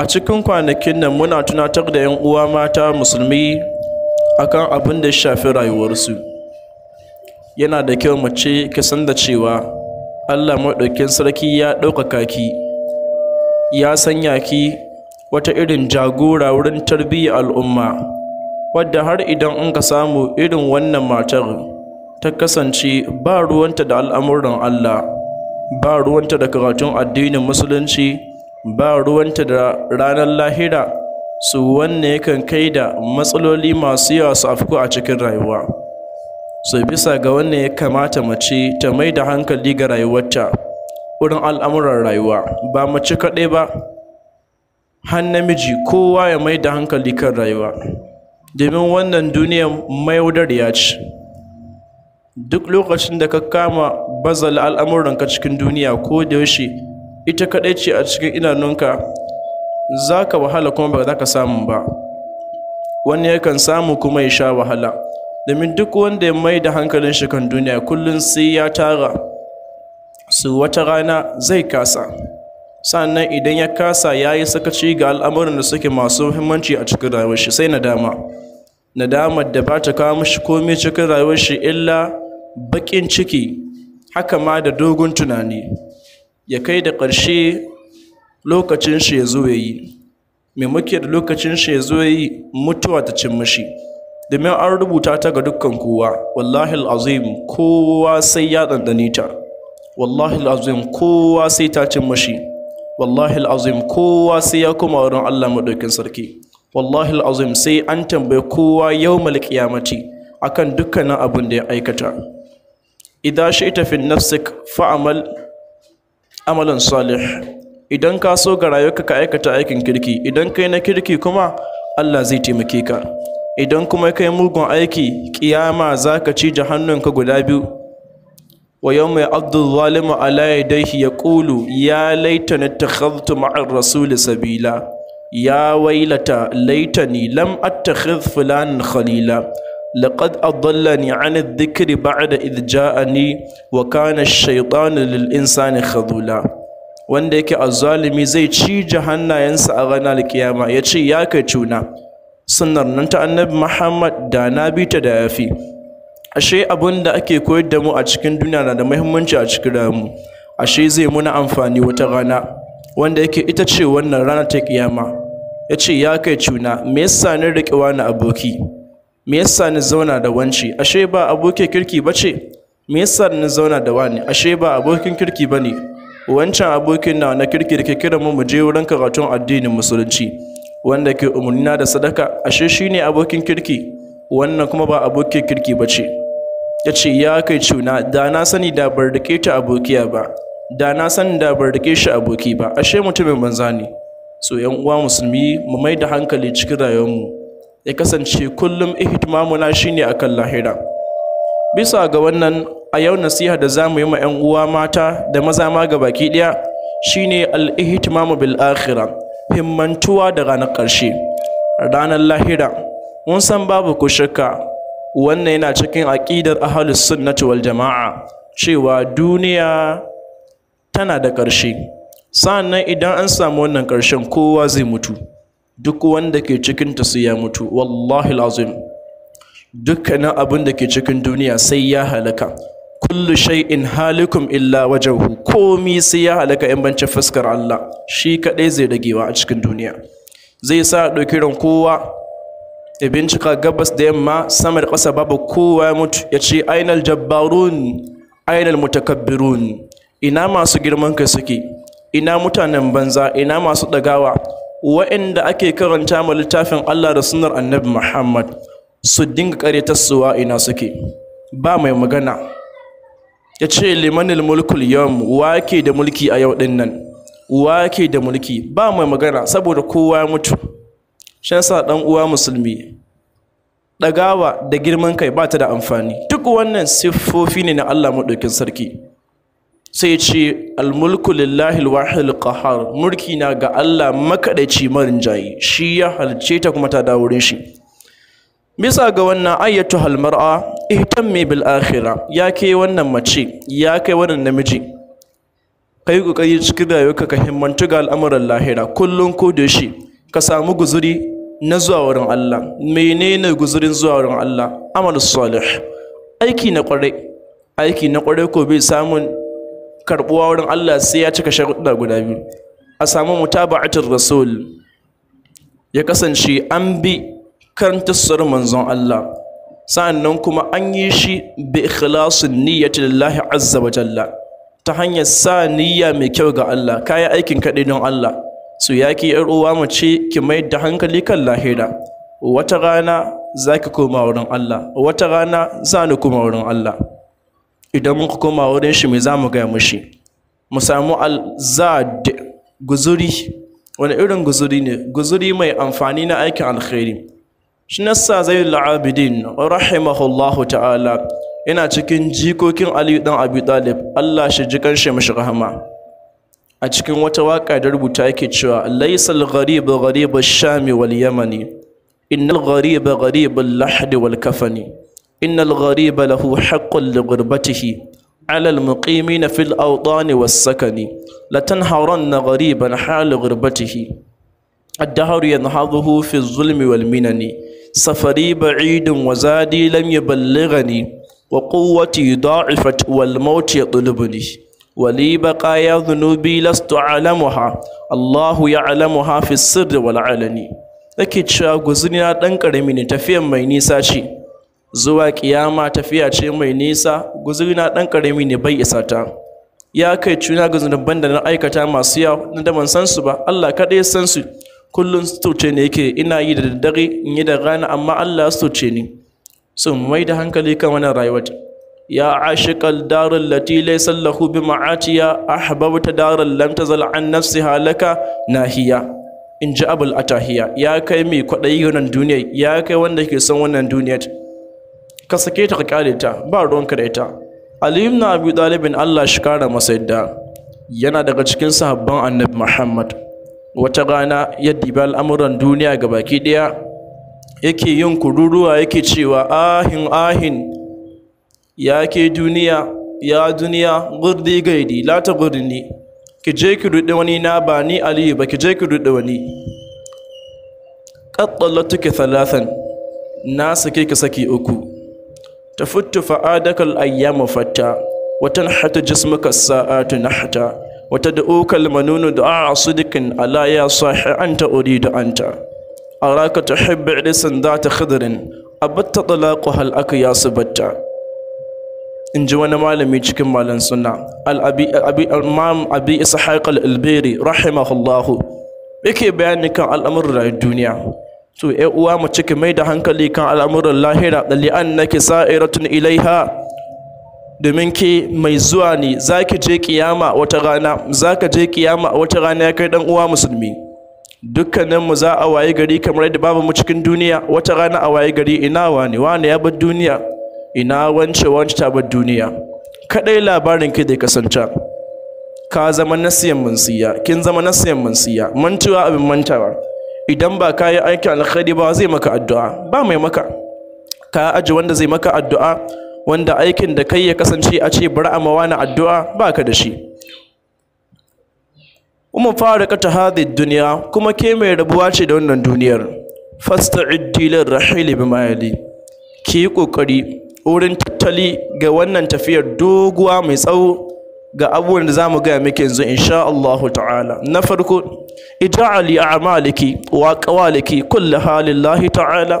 a cikin kwanakin nan muna tunatar da 'yan uwa mata musulmi akan abin da shafi rayuwarsu yana da kyau mace ki san da cewa allah maɗaukin sarki ya ɗaukaka ki ya sanya ki wata irin jagora wurin tarbiyyar al'umma wadda har idan an ka samu irin wannan matar ta kasance ba ruwanta da al'amuran allah ba ruwanta da karatun addinin musulunci ba ruwanta da ranar lahira su wanne yakan kai da matsaloli masu yawa su afku a cikin rayuwa Su bisa ga wannan ya kamata mace ta mai da hankali ga rayuwarta wurin al'amuran rayuwa ba mace kaɗai ba har namiji kowa ya mai da hankali kan rayuwa domin wannan duniyar mayaudariya ce duk lokacin da ka kama bazal al'amuranka cikin duniya ko da yaushe ita kaɗai ce a cikin idanunka za ka wahala kuma ba za ka samu ba wani yakan samu kuma ya sha wahala domin duk wanda ya mai da hankalin shi kan duniya kullum sai ya tara su wata rana zai kasa sannan idan ya kasa ya yi sakaci ga al'amuran da suke masu muhimmanci a cikin rayuwar shi sai nadama nadamar da ba ta kawo mishi komai cikin rayuwar shi illa baƙin ciki haka ma da dogon tunani ya kai da ƙarshe lokacin shi ya zo yi mai muke da lokacin shi ya zo yi mutuwa ta cin mashi domin an rubuta ta ga dukkan kowa wallahi azim kowa sai ya ɗanɗane ta wallahi azim kowa sai ta cin mashi wallahi azim kowa sai ya koma wurin Allah maɗaukin sarki wallahi azim sai an tambaye kowa yau qiyamati akan dukkanin abin da ya aikata idza shaita fi nafsik fa'amal amalan salih idan ka so ga rayuwarka ka aikata aikin kirki idan kai na kirki kuma Allah zai taimake ka idan kuma kai mugun aiki kiyama za ka ci hannunka guda biyu wa yau mai abdulzalimu ala yadaihi ya ƙulu ya laita na takhaztu ma'ar rasuli sabila ya wailata laitani lam attakhaz fulanin khalila لقد أضلني عن الذكر بعد إذ جاءني وكان الشيطان للإنسان خذولا wanda yake azzalimi zai cije hannayensa a ranar kiyama ya ce ya kai cuna sunnar nan ta annabi muhammad da na bi ta da yafi ashe abin da ake koyar da mu a cikin duniya na da muhimmanci a cikin ramu ashe zai muna amfani wata rana wanda yake ita ce wannan rana ta kiyama ya ce ya kai cuna me yasa ni riƙe wani aboki me yasa ni zauna da wanci ashe ba abokin kirki ba ce me yasa ni zauna da wani ashe ba abokin kirki ba ne wancan abokin na na kirki da ke kira mu je wurin karatun addinin musulunci wanda ke umurnina da sadaka ashe shi ne abokin kirki wannan kuma ba abokin kirki ba ce ya ce ya kai cuna da na sani da bar da ta abokiya ba da na sani da bar da shi aboki ba ashe mutumin banza ne so yan uwa musulmi mu mai da hankali cikin rayuwarmu ya kasance kullum ihtimamuna shine akan lahira bisa ga wannan a yau nasiha da za mu yi ma 'yan uwa mata da maza ma ga baki ɗaya shine al-ihtimamu bil akhira himmantuwa da ranar ƙarshe ranar lahira mun san babu ku shakka wannan yana cikin aƙidar ahlus sunnati wal jama'a cewa duniya tana da ƙarshe sannan idan an samu wannan ƙarshen kowa zai mutu duk wanda ke cikinta sai ya mutu wallahi lazim dukkanin abin da ke cikin duniya sai ya halaka kullu shay'in halikum illa wajhu komi sai ya halaka in banci fuskar Allah shi kadai zai dagewa a cikin duniya zai sa ɗauki ran kowa bincika gabas da yamma samar kasa babu kowa ya mutu ya ce ainal jabbarun ainal mutakabbirun ina masu girman kai suke ina mutanen banza ina masu ɗagawa wa'inda ake karanta ma littafin Allah da sunnar annabi Muhammad su dinga ƙaretarsuwa ina suke ba mai magana ya ce limanil mulkul yawm wake da mulki a yau din nan wake da mulki ba mai magana saboda kowa ya mutu shan sa dan uwa musulmi dagawa da girman kai ba ta da amfani duk wannan siffofi ne na Allah madaukin sarki sai ce almulku lillahi alwahid alqahar mulki na ga Allah makadaci marin jayi shi ya halce ta kuma ta dawo shi bisa ga wannan ayyatu halmar'a ihtammi bil akhirah ya kai wannan mace ya kai wannan namiji kai kokari cikin rayuwarka ka himmantu ga al'amuran lahira Kullum ko da shi ka samu guzuri na zuwa wurin Allah menene guzurin zuwa wurin Allah amal salih aiki na kware aiki na kware ko bai samun karbuwa wurin Allah sai ya cika sharuɗa guda biyu a samu mutaba'atul rasul ya kasance an bi kan karantar manzon Allah sa'annan kuma an yi shi bi ikhlasin niyyati lillahi azza wa jalla ta hanyar sa niyya mai kyau ga Allah kayan aikin kaɗai don Allah su yaki yar uwa mace ki mai da hankali kan lahira wata rana za ki koma wurin Allah wata rana za ni koma wurin Allah idan mun koma wurin shi me za mu gaya mushi mu samu alzad guzuri wani irin guzuri ne guzuri mai amfani na aikin alkhairi shi nasa zai la'abidin rahimahullahu ta'ala yana cikin jikokin aliyu dan abi talib allah shi jikan shi mashi rahama a cikin wata waka da rubuta yake cewa laisal gharib ash shami wal yamani innal gharib al-lahd wal kafani إن الغريب له حق لغربته على المقيمين في الأوطان والسكن لتنهرن غريبا حال غربته الدهر ينهضه في الظلم والمنن سفري بعيد وزادي لم يبلغني وقوتي ضاعفت والموت يطلبني ولي بقايا ذنوبي لست أعلمها الله يعلمها في السر والعلن nake cewa guzuri na ɗan ƙarami ne tafiyan mai nisa ce zuwa kiyama tafiya ce mai nisa guzuri na ɗan ƙarami ne bai isa ta ya kai cuna ga zunuban da na aikata masu yawa na da ban san su ba Allah kaɗai san su kullum sutuce ne yake ina yi da daddare in yi da rana amma Allah sutuce ni Sun mai da hankali kan wannan rayuwar ya ashiqal darul lati laysa lahu bi ma'atiya ahbabta daral lam tazal an nafsi halaka nahiya in ji abul atahiya ya kai mai kwaɗayi wannan duniyar ya kai wanda ke son wannan duniyar ka sake ta ka kyale ta ba ruwanka da ita Ali na abu dalibin Allah shi kara masa yadda yana daga cikin sahabban Annabi Muhammad wata rana ya diba al'amuran duniya ga baki daya yake yin kururuwa yake cewa ahin ahin ya ke duniya ya duniya gurdi gaidi lata gurdi ne. ki je ki rudi wani na ba ni aliyu ba ki je ki rudi wani ƙaƙƙallatu ki thalathan na sake ki saki uku تفت فعادك الأيام فتا وتنحت جسمك الساعات نحتا وتدعوك المنون دعاء صدق ألا يا صاح أنت أريد أنت أراك تحب عرسا ذات خضر أبت طلاقها الأكياس بتا in ji wani malami cikin malan suna al'imam abi ishaq al-alberi rahimahullahu yake bayani kan al'amuran rayuwar duniya to ai uwa mu ciki mai da hankali kan al'amuran lahira dalli annaki sa'iratun ilaiha domin ki mai zuwa ne zaki je kiyama wata rana zaka je kiyama wata rana ya kai dan uwa musulmi dukkanin mu za a waye gari kamar yadda babu mu cikin duniya wata rana a waye gari ina wani wani ya bar duniya ina wance wance ta bar duniya kadai labarin ki da kasance ka zama nasiyan mansiya kin zama nasiyan mansiya mantuwa abin mantawa idan ba ka yi aikin alkhairi ba zai maka addu'a ba mai maka ka aji wanda zai maka addu'a wanda aikin da kai ya kasance a ce bar a na addu'a ba ka da shi Umar fara kata hadid duniya kuma ke mai rabuwa ce da wannan duniyar fasta iddilar rahili bi mayali ki yi kokari wurin tattali ga wannan tafiyar doguwa mai tsawo ga abubuwan da za mu gaya miki yanzu insha Allah ta'ala na farko ij'ali a'maliki wa qawaliki kullu halillahi ta'ala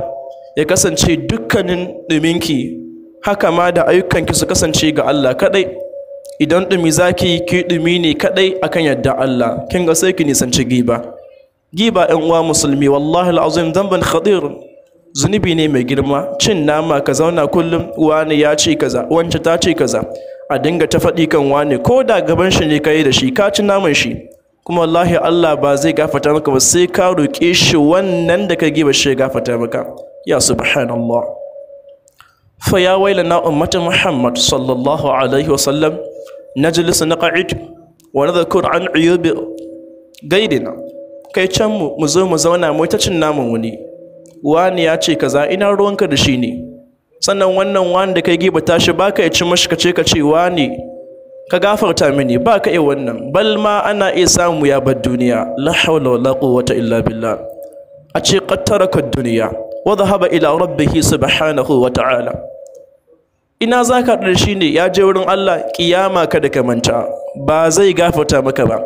ya kasance dukkanin duminki haka ma da ayyukanki su kasance ga Allah kadai idan dumi zaki ki dumi ne kadai akan yadda Allah kin ga sai ki nisanci giba giba ɗan uwa musulmi wallahi alazim zamban khadir zunubi ne mai girma cin nama ka zauna kullum wani ya ce kaza wancan ta ce kaza a dinga ta faɗi kan wani ko da gaban shi ne ka yi da shi ka ci naman shi kuma wallahi Allah ba zai gafata maka ba sai ka roƙe shi wannan da ka giba shi ya maka ya subhanallah fa ya na ummatin Muhammad sallallahu alaihi wa wasallam najlis qa'id wa nadhkur an uyub gaidina kai can mu mu zo mu zauna mu ta cin naman wani wani ya ce kaza ina ruwanka da shi ne sannan wannan wani da kai gibata tashi ba ka ci mashi kace ka ce wani ka gafarta mini ba ka yi wannan bal ma ana iya samu ya bar duniya la hawla wala quwwata illa billah a ce qattaraka duniya wa dhahaba ila rabbih subhanahu wa ta'ala ina zaka da shi ne ya je wurin Allah kiyama kada ka manta ba zai gafarta maka ba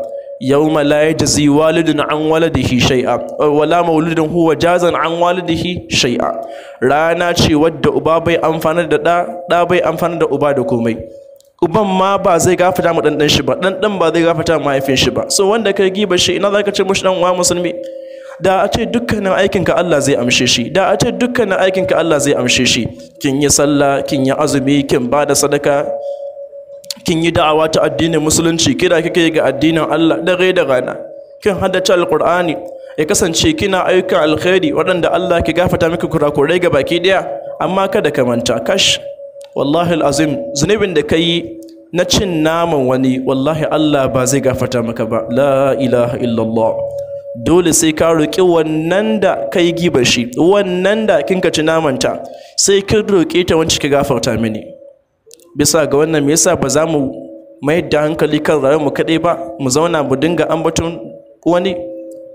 yawma la jazi walidun an waladihi shay'a wala mauludun huwa jazan an walidihi shay'a rana ce wadda uba bai amfana da da da bai amfana da uba da komai uban ma ba zai gafata mu dan shi ba dan dan ba zai gafata mu haifin shi ba so wanda kai giba shi ina zaka ce mushi dan musulmi da a ce dukkanin aikinka Allah zai amshe shi da a ce dukkanin aikinka Allah zai amshe shi kin yi sallah kin yi azumi kin ba da sadaka kin yi da'awa ta addinin musulunci kira kike ga addinin Allah dare da rana kin haddace alqur'ani ya kasance kina ayyukan alkhairi waɗanda Allah ke gafata miki kurakurai ga baki daya amma kada ka manta kash wallahi alazim zunubin da kai na cin naman wani wallahi Allah ba zai gafata maka ba la ilaha illallah dole sai ka roƙi wannan da kai giba shi wannan da kinka ci naman ta, sai kin roƙe ta wancan ka gafarta mini bisa ga wannan me yasa ba za mu mayar da hankali kan mu kaɗai ba mu zauna mu dinga ambaton wani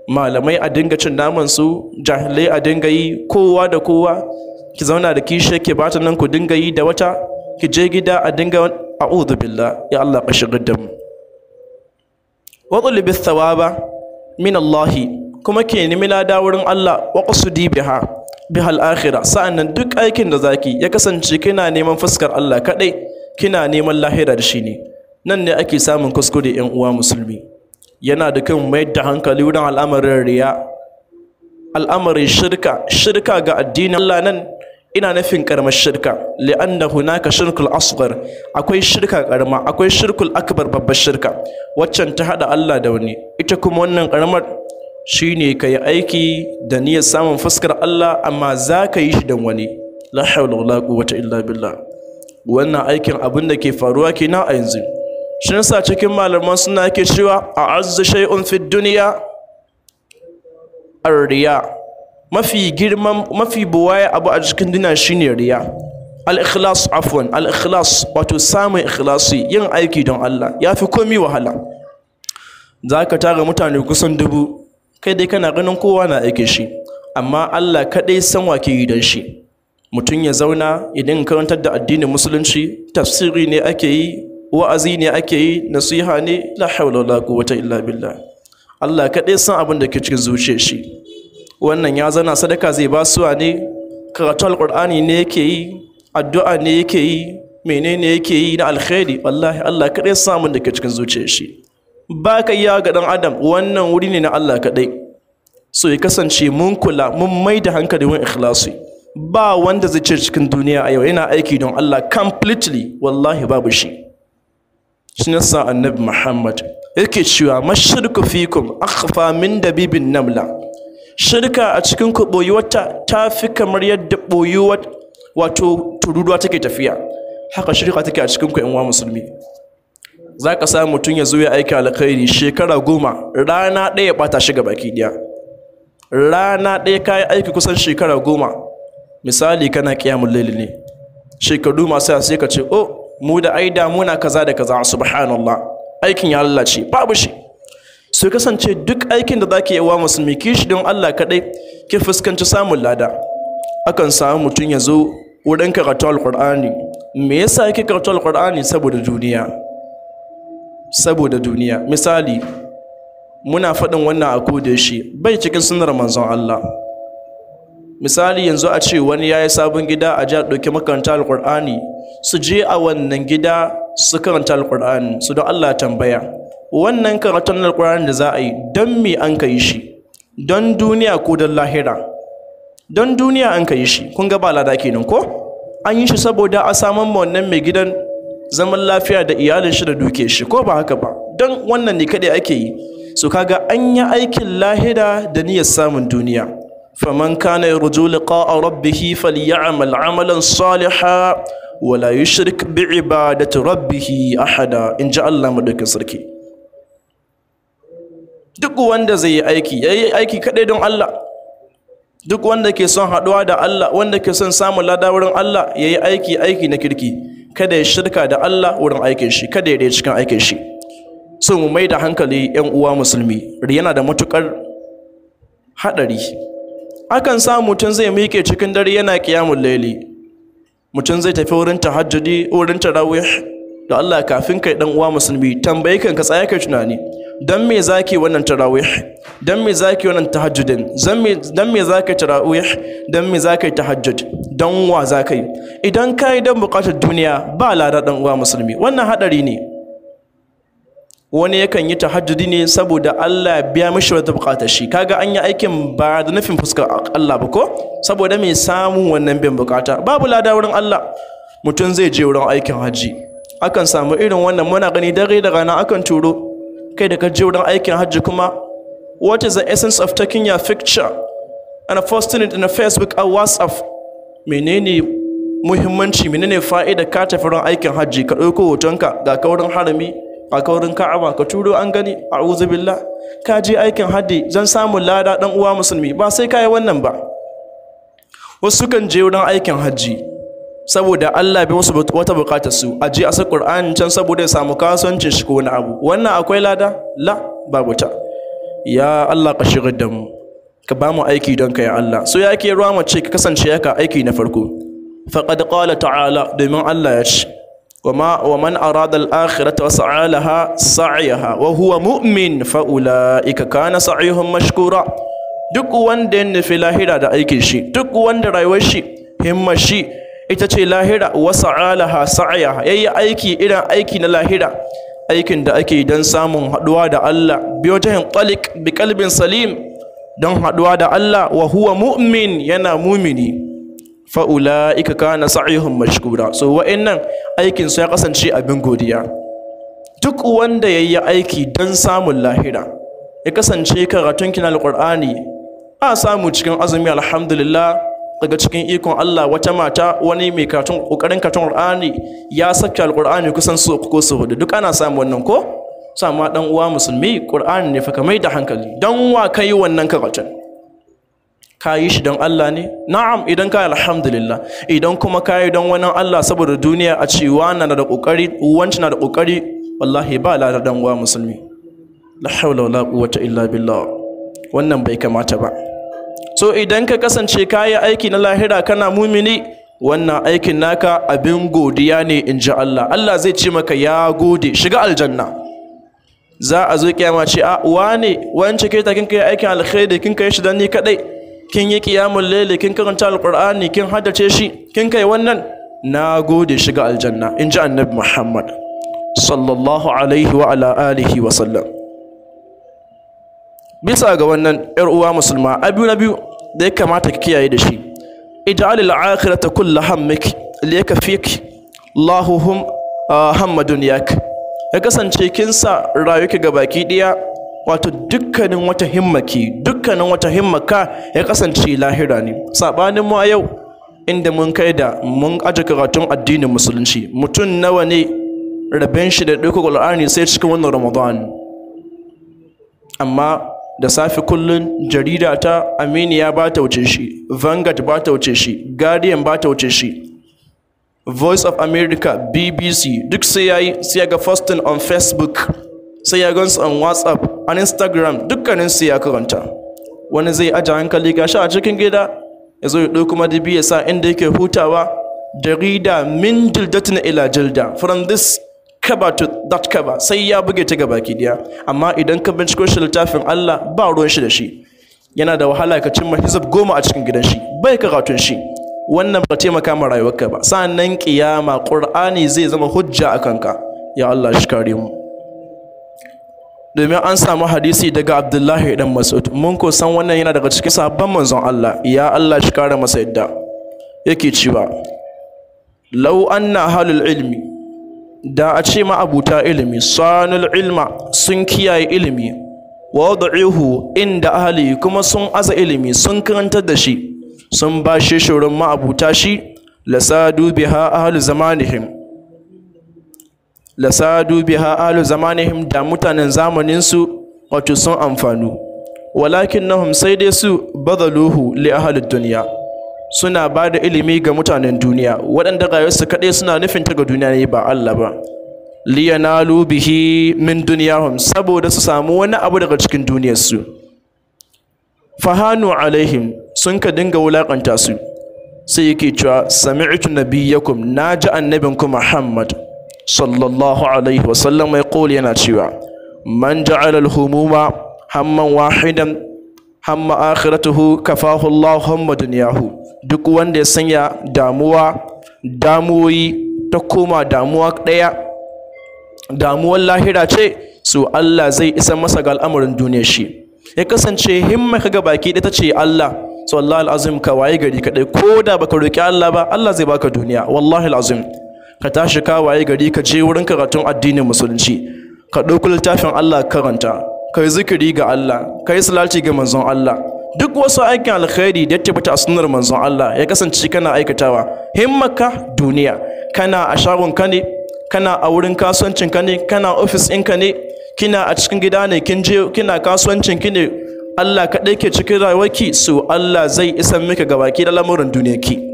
malamai a dinga cin naman su jahilai a dinga yi kowa da kowa ki zauna da kishe ke bata nan ku dinga yi da wata ki je gida a dinga a'udhu billah ya Allah ka shigar da mu wa tulubi thawaba min Allah kuma ke nemi lada wurin Allah wa qasudi biha bihal akhirah sa'annan duk aikin da zaki ya kasance kina neman fuskar Allah kadai kina neman lahira da shi ne nan ne ake samun kuskure yan uwa musulmi yana da kan mai da hankali wurin al'amarin riya al'amarin shirka shirka ga addinin Allah nan ina nufin karamar shirka li'anna hunaka shirkul asghar akwai shirka karama akwai shirkul akbar babbar shirka waccan ta hada Allah da wani ita kuma wannan karamar shine kai aiki da niyyar samun fuskar Allah amma za yi shi dan wani la hawla wala quwwata illa billah wannan aikin abin da ke faruwa kenan a yanzu shi sa cikin malaman suna yake cewa a azza shay'un fi duniya ar-riya mafi girman mafi buwaye abu a cikin duniya shine riya al-ikhlas afwan al-ikhlas wato samun ikhlasi yin aiki don Allah yafi komai wahala zaka tara mutane kusan dubu kai dai kana ganin kowa na aike shi amma Allah kaɗai san wa ke yi don shi mutum ya zauna idan karantar da addinin musulunci tafsiri ne ake yi wa'azi ne ake yi nasiha ne la haula wala quwwata illa billah Allah kaɗai san abin da ke cikin zuciyar shi wannan ya zana sadaka zai ba suwa ne karatu alqur'ani ne yake yi addu'a ne yake yi menene yake yi na alkhairi wallahi Allah kaɗai san abin da ke cikin zuciyar shi ba ka iya ga ɗan adam wannan wuri ne na Allah kaɗai so ya kasance mun kula mun mai da hankali wani ikhlasi ba wanda zai ce cikin duniya a yau yana aiki don Allah completely wallahi babu shi shi sa annabi Muhammad yake cewa mashirku fikum akhfa min dabibin namla shirka a cikin ku wata ta fi kamar yadda boyuwa wato tururuwa take tafiya haka shirka take a cikin ku wa musulmi za ka sa mutum ya zo ya aiki alkhairi shekara goma rana ɗaya ɓata shi ga baki ɗaya rana ɗaya kayi aiki kusan shekara goma misali kana kiyamun layl ne shekaru masu yasi ka ce oh mu da ai da muna kaza da kaza subhanallah aikin ya lalace babu shi su kasance duk aikin da zaki yi wa musulmi kishi don Allah kaɗai ki fuskanci samun lada akan samu mutum ya zo wurin karatu alqur'ani me yasa yake karatu alqur'ani saboda duniya saboda duniya misali muna faɗin wannan a koda shi bai cikin sunnar manzon Allah misali yanzu a ce wani ya yi sabon gida a jihar ɗauki makaranta alƙur'ani su je a wannan gida su karanta alƙur'ani su don allah tambaya wannan karatun alƙur'ani da za a yi don me an ka yi shi don duniya ko don lahira don duniya an ka yi shi kun gaba lada kenan ko an yi shi saboda a saman ma wannan mai gidan zaman lafiya da iyalin shi da duke shi ko ba haka ba don wannan ne kaɗai ake yi su kaga an yi aikin lahira da niyyar samun duniya فمن كان يرجو لقاء ربه فليعمل عملا صالحا ولا يشرك بعبادة ربه أحدا إن جاء الله مدك سركي duk wanda zai yi aiki ya yi aiki kaɗai don Allah duk wanda ke son haɗuwa da Allah wanda ke son samun lada wurin Allah ya yi aiki aiki na kirki kada ya shirka da Allah wurin aikin shi kada ya dai cikin aikin shi so mu mai da hankali 'yan uwa musulmi yana da matukar haɗari akan sa mutum zai miƙe cikin dare yana ƙiyamun laili mutum zai tafi wurin tahajjudi wurin tarawih da Allah kafin kai dan uwa musulmi tambayi kanka tsaya kai tunani dan me zaki wannan tarawih dan me zaki wannan tahajjudin dan me dan me zaka tarawih dan me zaka tahajjud dan wa zakai idan kai dan buƙatar duniya ba lada dan uwa musulmi wannan hadari ne wani yakan yi tahajjudi ne saboda Allah ya biya mishi wata bukata shi kaga an yi aikin ba da nufin fuskar Allah ba ko saboda mai samun wannan biyan bukata babu lada wurin Allah mutum zai je wurin aikin hajji akan samu irin wannan muna gani dare da rana akan turo kai da ka je wurin aikin hajji kuma what is the essence of taking your picture and posting it in a Facebook or WhatsApp menene muhimmanci menene fa'ida ka tafi aikin hajji ka ɗauko hotonka ga kaurin harami a kaurin ka'aba ka turo an gani a billah ka je aikin haddi zan samun lada dan uwa musulmi ba sai ka yi wannan ba wasu kan je wurin aikin hajji saboda Allah bai wasu wata bukatar su a je a sa Qur'ani can saboda ya samu kasuwancin shi ko wani abu wannan akwai lada la babu ta ya Allah ka shigar da mu ka ba mu aiki don ka ya Allah so ya ke ruwa mace ka kasance yaka aiki na farko faqad qala ta'ala domin Allah ya ce وما ومن أراد الآخرة وسعى لها سعيها وهو مؤمن فأولئك كان سعيهم مشكورا duk wanda ya nufi lahira da aikin shi duk wanda rayuwar shi himmar shi ita ce lahira wa sa'alaha sa'aya yayi aiki irin aiki na lahira aikin da ake don samun haɗuwa da Allah biyo ta hinqalik bi kalbin salim don haɗuwa da Allah wa huwa mu'min yana mumini Fa'ula fa'ula'ika kana sa'ihum mashkura so nan aikin su ya kasance abin godiya duk wanda ya yi aiki don samun lahira ya kasance karatun kina alqur'ani a samu cikin azumi alhamdulillah daga cikin ikon Allah wata mata wani mai karatun kokarin karatun qur'ani ya saki alkur'ani kusan su ko su hudu duk ana samu wannan ko sama dan uwa musulmi qur'ani ne fa ka mai da hankali dan wa kai wannan karatun ka yi shi don Allah ne na'am idan ka alhamdulillah idan kuma ka yi don wani Allah saboda duniya a ce na da kokari wancan na da kokari wallahi ba ladar dan uwa musulmi la hawla wala quwwata illa billah wannan bai kamata ba so idan ka kasance ka yi aiki na lahira kana mumini wannan aikin naka abin godiya ne in ji Allah Allah zai ce maka ya gode shiga aljanna za a zo kiyama ce a wane wance kai takin kai aikin alkhairi kin kai shi dan ni kadai kin yi kiyamun lele kin karanta alqur'ani kin haddace shi kin kai wannan na gode shiga aljanna in ji annabi muhammad sallallahu alaihi wa ala alihi wa sallam bisa ga wannan yar uwa musulma abu na biyu da ya kamata ki kiyaye da shi ij'al al-akhirata kullu hammik liyakfik Allahu hum ah, hamma dunyak ya kasance kin sa rayuki ga baki ɗaya wato dukkanin wata himmaki dukkanin wata himmaka ya kasance lahira ne Saɓanin mu a yau inda mun kai da mun aji karatun addinin musulunci mutum nawa ne rabin shi da ɗaukar ƙul'ani sai cikin wannan Ramadan amma da safe kullun jarida ta Aminiya ba ta wuce shi vangard ba ta wuce shi Guardian ba ta wuce shi Voice of America, BBC, duk sai ya yi sai ya ga fasting on Facebook, sai ya gansu on WhatsApp, an instagram su ya karanta wani zai aje hankali gashi a cikin gida ya zo ya ɗauki madibi ya sa inda yake hutawa jarida min na ila jilda from this cover to that cover sai ya buge ta gaba ki daya amma idan ka binciko shi littafin Allah ba ruwan shi da shi yana da wahala ka cimma hizab goma a cikin gidan shi bai karatun shi wannan ba taimaka ma rayuwarka ba sa'annan kiyama qur'ani zai zama hujja a kanka ya Allah shi kare mu domin an samu hadisi daga abdullahi dan masud mun ko san wannan yana daga cikin sabon manzon Allah ya Allah shi kare masa yadda yake cewa law anna halul ilmi da a ce ma abuta ilimi sanul ilma sun kiyaye ilimi wad'ihu inda ahli kuma sun aza ilimi sun karantar da shi sun bashe shurin ma abuta shi lasadu biha ahli zamanihim lasadu biha ahlu zamanihim da mutanen zamaninsu wato sun amfanu walakin nahum sai dai su badaluhu li ahli dunya suna ba da ilimi ga mutanen duniya waɗanda rayuwarsu kaɗai suna nufin ta ga duniya ne ba Allah ba liyanalu bihi min dunyahum saboda su samu wani abu daga cikin duniyarsu fahanu alaihim sun ka dinga wulakanta su sai yake cewa sami'tu nabiyyakum naji annabinku Muhammad sallallahu alaihi wasallam ya ƙoli yana cewa man ja'ala al-humuma hamman wahidan hamma akhiratuhu kafahu Allah hamma dunyahu duk wanda ya sanya damuwa damuwoyi ta koma damuwa ɗaya damuwar lahira ce su Allah zai isa masa ga al'amarin duniya shi ya kasance himma kaga baki ɗaya ta ce Allah sallallahu al'azim ka waye gari kaɗai ko da baka roki Allah ba Allah zai baka duniya wallahi al'azim ka tashi ka waye gari ka je wurin karatun addinin musulunci ka ɗauki littafin Allah karanta ka yi zikiri ga Allah ka yi salati ga manzon Allah duk wasu aikin alkhairi da ya tabbata a sunnar manzon Allah ya kasance kana aikatawa himmaka duniya kana a shagon ka ne kana a wurin kasuwancin ka ne kana ofis ka ne kina a cikin gida ne kin je kina kasuwancin ki ne Allah kaɗai ke cikin rayuwarki su Allah zai isan miki gabaki da lamurin duniyarki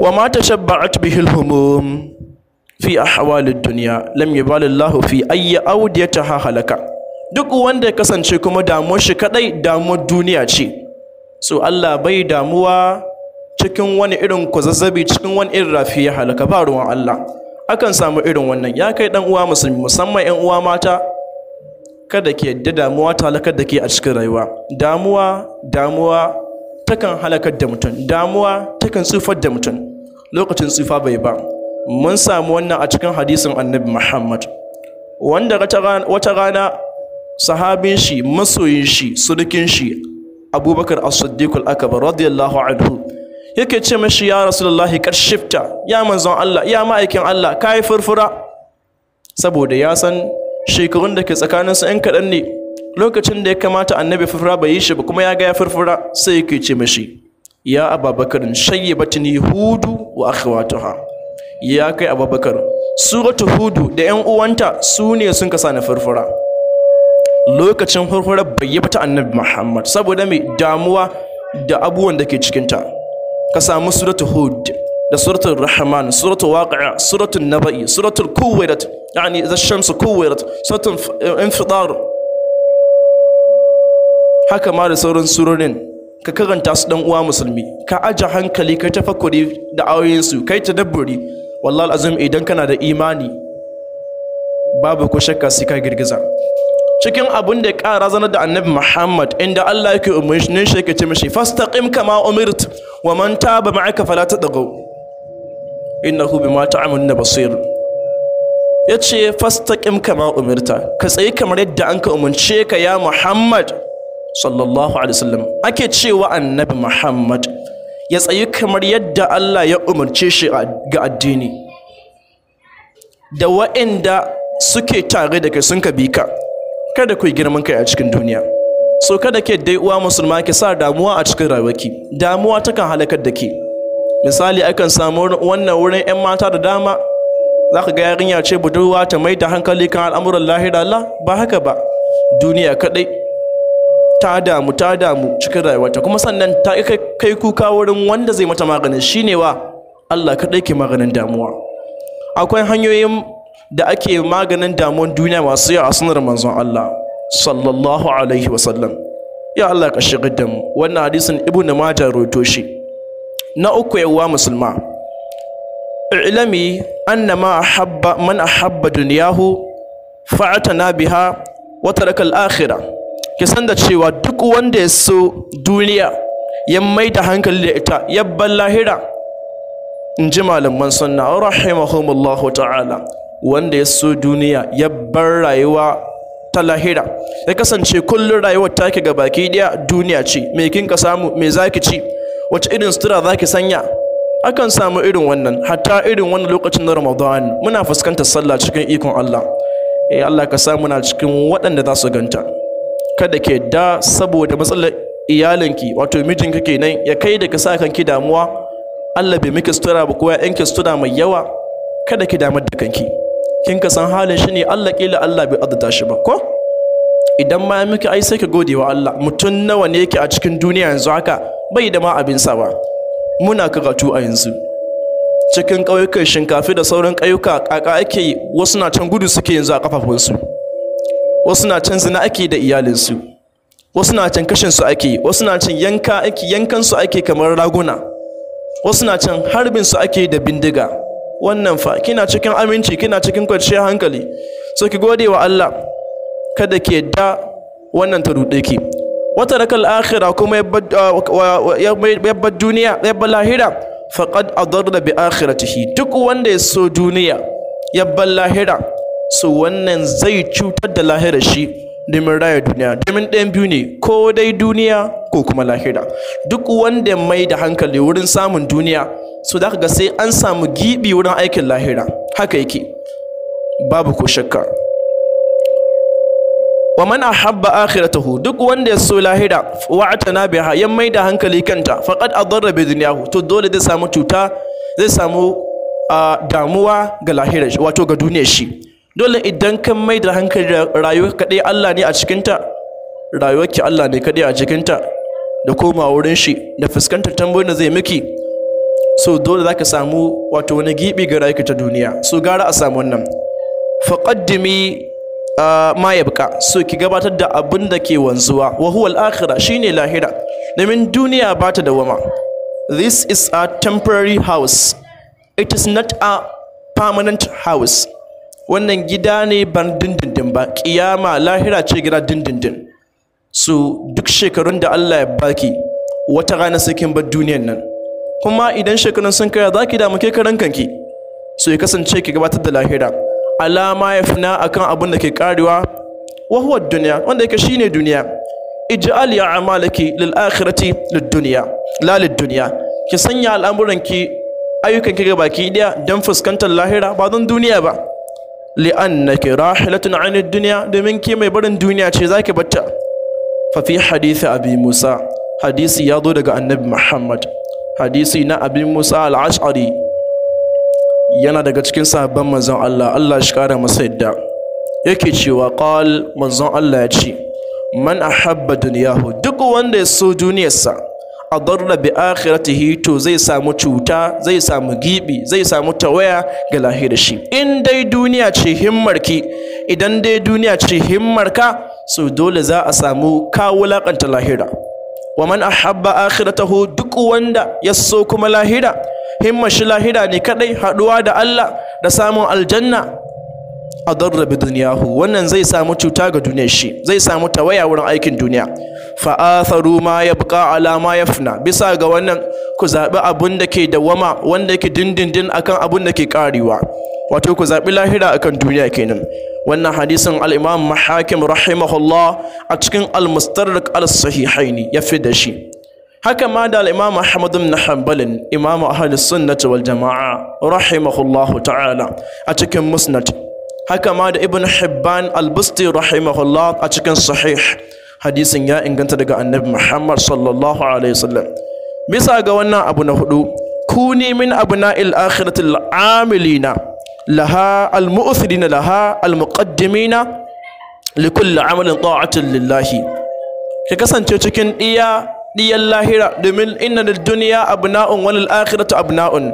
وما تشبعت به الهموم في أحوال الدنيا لم يبال الله في أي أوديتها هلكا duk wanda ya kasance kuma damuwar shi kadai damuwar duniya ce so Allah bai damuwa cikin wani irin zazzabi cikin wani irin rafi ya halaka ba ruwan Allah akan samu irin wannan ya kai dan uwa musulmi musamman yan uwa mata kada ke yadda damuwa ta halaka da ke a cikin rayuwa damuwa damuwa takan halakar da mutum damuwa takan tsufar da mutum lokacin tsufa bai ba mun samu wannan a cikin hadisin annabi muhammad wanda wata rana sahabin shi masoyin shi surukin shi abubakar as-siddiq al-akbar radiyallahu anhu yake ce mashi ya rasulullahi karshifta ya manzon Allah ya ma'aikin Allah kai furfura saboda ya san shekarun da ke tsakaninsu 'yan kaɗan ne lokacin da ya kamata annabi furfura bai yi shi ba kuma ya ga ya furfura sai yake ce mashi ya ababakar shayyibatni hudu wa akhawatuha ya kai ababakar suratu hudu da yan uwanta su ne sun kasa na furfura lokacin furfura bai yi annabi muhammad saboda mai damuwa da abubuwan da ke cikinta ka samu suratu hud da suratul rahman suratu waqi'a suratu naba'i suratu kuwairat yani zashamsu kuwairat suratul infidar haka ma da sauran surorin ka karanta su dan uwa musulmi ka aje hankali kai tafakkuri da su kai tadabburi wallahi alazim idan kana da imani babu ko shakka sai ka girgiza cikin abun da ya ƙara da annabi Muhammad inda Allah yake umarnin shi yake ce mishi fastaqim kama umirt wa man taba ma'aka fala tadghaw innahu bima ta'malun basir yace fastaqim kama umirta ka tsayi kamar yadda an ka umarce ka ya Muhammad sallallahu alaihi wasallam ake cewa annabi muhammad ya tsayi kamar yadda allah ya umarce shi ga addini da wa'inda suke tare da kai sun ka bi ka kada ku yi girman kai a cikin duniya so kada ke dai uwa musulma ke sa damuwa a cikin rayuwarki damuwa takan halakar da ke misali akan samu wannan wurin 'yan mata da dama za ka ga yarinya ce budurwa ta mai da hankali kan al'amuran lahira la ba haka ba duniya kaɗai ta damu ta damu cikin rayuwarta kuma sannan ta kai kuka wurin wanda zai mata maganin shine wa Allah kaɗai ke maganin damuwa akwai hanyoyin da ake maganin damuwar duniya masu yawa a sunar manzon Allah sallallahu alaihi wa sallam. ya Allah ka shiga da mu wannan hadisin ibnu majah roto shi na uku yawa musulma ilami anna ma ahabba man ahabba dunyahu fa'atana biha wa taraka al-akhirah ki san da cewa duk wanda ya so duniya ya mai hankali da ita ya ban lahira in ji malaman sunna rahimahumullahu ta'ala wanda ya so duniya ya ban rayuwa ta lahira ya kasance kullum rayuwar take ga baki daya duniya ce me kin ka samu me zaki ci wace irin sutura zaki sanya akan samu irin wannan hatta irin wannan lokacin na Ramadan muna fuskantar sallah cikin ikon Allah eh Allah ka samu na cikin waɗanda za su ganta kada ke da saboda matsalar iyalinki wato mijinka kenan ya kai da ka sa kanki damuwa Allah bai miki sutura ba ko ya yanki sutura mai yawa kada ki damar da kanki kin ka san halin shi ne Allah kila Allah bai adda shi ba ko idan ma miki ai sai ka gode wa Allah mutum nawa ne yake a cikin duniya yanzu haka bai da ma abin ba. muna karatu a yanzu cikin ƙauyukan shinkafi da sauran ƙauyuka ƙaƙa ake wasu na can gudu suke yanzu a ƙafafunsu wasu na can zina ake da iyalinsu wasu na can kashinsu ake wasu na can yanka ake yankansu ake kamar raguna wasu na can harbinsu ake da bindiga wannan fa kina cikin aminci kina cikin kwanciyar hankali so ki gode wa Allah kada ki da wannan ta ruɗe ki wata rakal akhira kuma yabba uh, duniya yabba lahira faqad adarra bi akhiratihi duk wanda ya so duniya yabba lahira Su wannan zai cutar da lahira shi domin raya duniya domin ɗayan biyu ne ko dai duniya ko kuma lahira duk wanda mai da hankali wurin samun duniya so da ga sai an samu gibi wurin aikin lahira haka yake babu ko shakka wa man ahabba akhiratahu duk wanda ya so lahira wa atana biha ya mai da hankali kanta faqad adarra bi dunyahu to dole zai samu cuta zai samu ah, damuwa ga lahira wato ga duniyar shi dole idan kan mai da hankali rayuwa kaɗai Allah ne a cikinta rayuwarki Allah ne kaɗai a cikinta da koma wurin shi da fuskantar tambayoyin da zai miki so dole za ka samu wato wani gibi ga rayuwa ta duniya so gara a samu wannan faƙaddimi ah, ma yabka so ki gabatar da abin da ke wanzuwa wa huwa al-akhirah shine lahira namin duniya ba ta dawama this is a temporary house it is not a permanent house wannan gida ne ban dindindin ba kiyama lahira ce gida dindindin Su duk shekarun da Allah ya baki wata rana sai kin bar duniyan nan kuma idan shekarun sun kaya zaki da muke karan kanki Su ya kasance ki gabatar da lahira alama ya fina akan abin da ke karewa wa huwa wanda yake shine duniya ij'al ya amalaki lil akhirati lid dunya la lid dunya ki sanya al'amuranki ayyukan ki gabaki daya dan fuskantar lahira ba don duniya ba Li'an li'annaki rahilatun anid duniya domin ki mai barin duniya ce zaki batta fa fi hadisi abi musa hadisi ya zo daga annabi muhammad hadisi na abi musa al-ash'ari yana daga cikin sahabban manzon Allah Allah shi kara masa yadda yake cewa kal manzon Allah ya ce man ahabba dunyahu duk wanda ya so duniyarsa adarra bi akhiratihi to zai samu cuta zai samu gibi zai samu tawaya ga lahira shi in dai duniya ce himmarki idan dai duniya ce himmarka so dole za a samu kawo lakanta lahira wa man ahabba akhiratahu duk wanda ya so kuma lahira himmar shi lahira ne kadai haduwa da Allah da samun aljanna adarra bi dunyahu wannan zai samu cuta ga duniyar shi zai samu tawaya wurin aikin duniya fa atharu ma yabqa ala ma yafna bisa ga wannan ku zabi abun da ke dawama wanda yake dindindin akan abun da ke karewa wato ku zabi lahira akan duniya kenan wannan hadisin al-imam mahakim rahimahullah a cikin al-mustarrak al-sahihaini ya fi da shi haka ma da al-imam ahmad ibn hanbal imam ahli sunnah wal jamaa rahimahullah ta'ala a cikin musnad haka ma da ibn hibban al-busti rahimahullah a cikin sahih hadisin ya inganta daga annabi muhammad sallallahu alaihi wasallam bisa ga wannan abu na hudu kuni min abna'il akhirati al-amilina laha al-mu'thirina laha al-muqaddimina likulli amalin ta'atin lillahi ka kasance cikin iya diyan lahira domin inna duniya abna'un wal akhiratu abna'un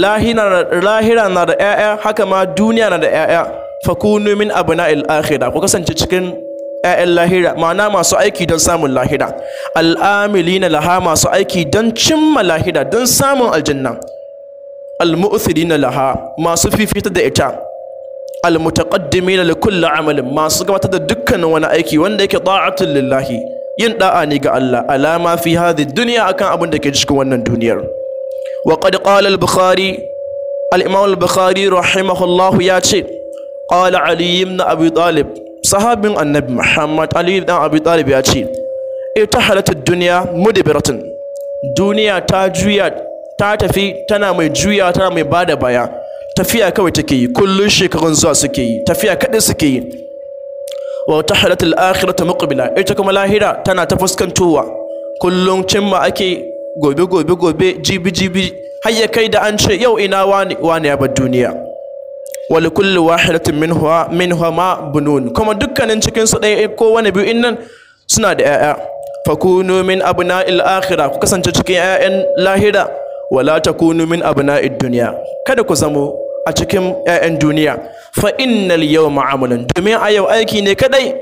lahira na da 'ya'ya haka ma duniya na da 'ya'ya fakunu min abna'il akhirah ku kasance cikin ƴaƴan lahira ma'ana masu aiki don samun lahira na laha masu aiki don cimma lahira don samun aljanna na laha masu fifita da ita almutaqaddimina li kulli amalin masu gabatar da dukkanin wani aiki wanda yake ta'atul lillahi yin da'a ne ga Allah alama fi hadhi dunya akan abin da ke cikin wannan duniyar wa qad qala al-bukhari al-imam al-bukhari rahimahullahu ya ce kala ali ibn abi talib sahabin annabi muhammad Aliyu dan abi talib ya ce ita halatta duniya mudibiratin duniya ta juya ta tafi tana mai juya tana mai bada baya tafiya kawai take yi kullum shekarun zuwa suke yi tafiya kaɗai suke yi wa ta halatta ta muƙabila ita kuma lahira tana ta fuskantowa kullum cimma ake gobe gobe gobe jibi jibi har kai da an ce yau ina wani wani ya bar duniya wali kulli wahidatin minhuwa ma bunun kuma dukkanin cikin su ɗaya ko wani biyu innan suna da ƴaƴa fakunu min abna'il akhira, ku kasance cikin ƴaƴan lahira wala takunu min abna'id dunya kada ku zamo a cikin ƴaƴan duniya fa innal yawma amalun domin a yau aiki ne kadai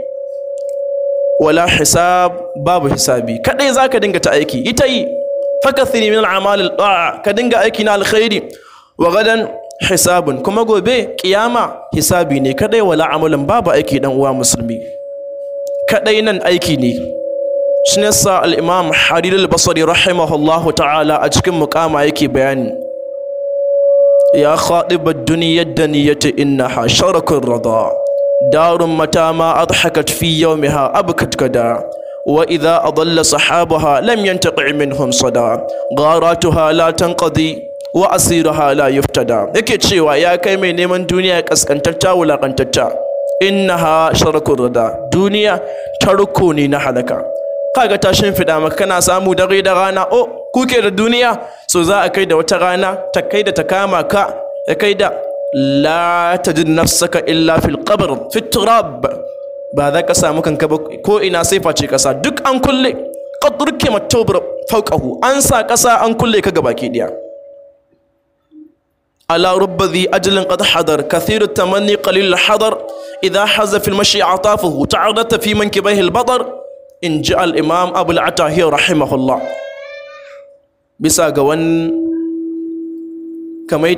wala hisab babu hisabi kadai zaka dinga ta aiki ita yi fakathiri min al a'mal al-ta'a ka dinga aiki na alkhairi wa gadan hisabun kuma gobe kiyama hisabi ne kadai wala amalan babu aiki dan uwa musulmi kadai nan aiki ne shi sa al-imam harir al-basri rahimahullahu ta'ala a cikin muqama yake bayani ya khatib ad-dunya ad-daniyati innaha sharakun rada Darum mata ma adhakat fi yawmiha abkat kada وإذا أضل صحابها لم ينتقع منهم صدى غاراتها لا تنقضي wa asiru hala yuftada yake cewa ya kai mai neman duniya kaskantacca wulakantacca innaha sharkur rada duniya tarko ne na halaka kaga ta shimfiɗa maka kana samu dare da rana o oh, kuke da duniya so za a kai da wata rana ta kai da ta kama ka Ya kai da la tajid nafsaka illa fil qabr turab ba za ka samu kanka ba ko ina sai face kasa duk an kulle qad rukima fawqahu an sa kasa an kulle ka baki daya على رب ذي أجل قد حضر كثير التمني قليل الحضر إذا حز في المشي عطافه تعرضت في منكبيه البطر إن جاء الإمام أبو العتاهي رحمه الله bisa ga wani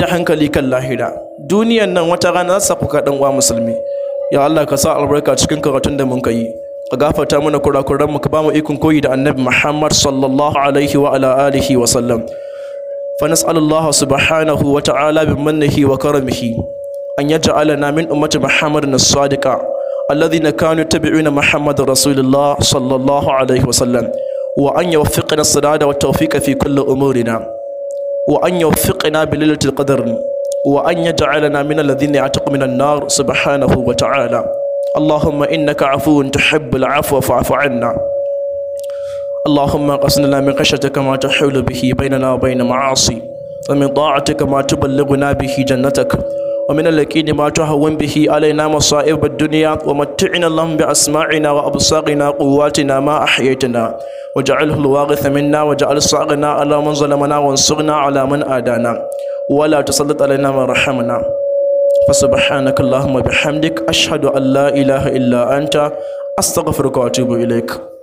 da hankali kan lahira Duniyar nan wata rana za ku ka dan uwa musulmi ya Allah ka sa albarka cikin karatun da mun kai ka gafarta mana kurakuran mu ka ba mu ikon koyi da annabi Muhammad sallallahu alaihi wa sallam فنسأل الله سبحانه وتعالى بمنه وكرمه أن يجعلنا من أمة محمد الصادقة الذين كانوا يتبعون محمد رسول الله صلى الله عليه وسلم وأن يوفقنا السداد والتوفيق في كل أمورنا وأن يوفقنا بليلة القدر وأن يجعلنا من الذين يعتق من النار سبحانه وتعالى اللهم إنك عفو تحب العفو فاعف عنا اللهم قسم لنا من خشيتك ما تحول به بيننا وبين معاصي ومن طاعتك ما تبلغنا به جنتك ومن اليقين ما تهون به علينا مصائب الدنيا ومتعنا اللهم بأسماعنا وأبصارنا قواتنا ما أحييتنا وجعله الوارث منا وجعل صعرنا على من ظلمنا وانصرنا على من آدانا ولا تسلط علينا من رحمنا فسبحانك اللهم بحمدك أشهد أن لا إله إلا أنت أستغفرك وأتوب إليك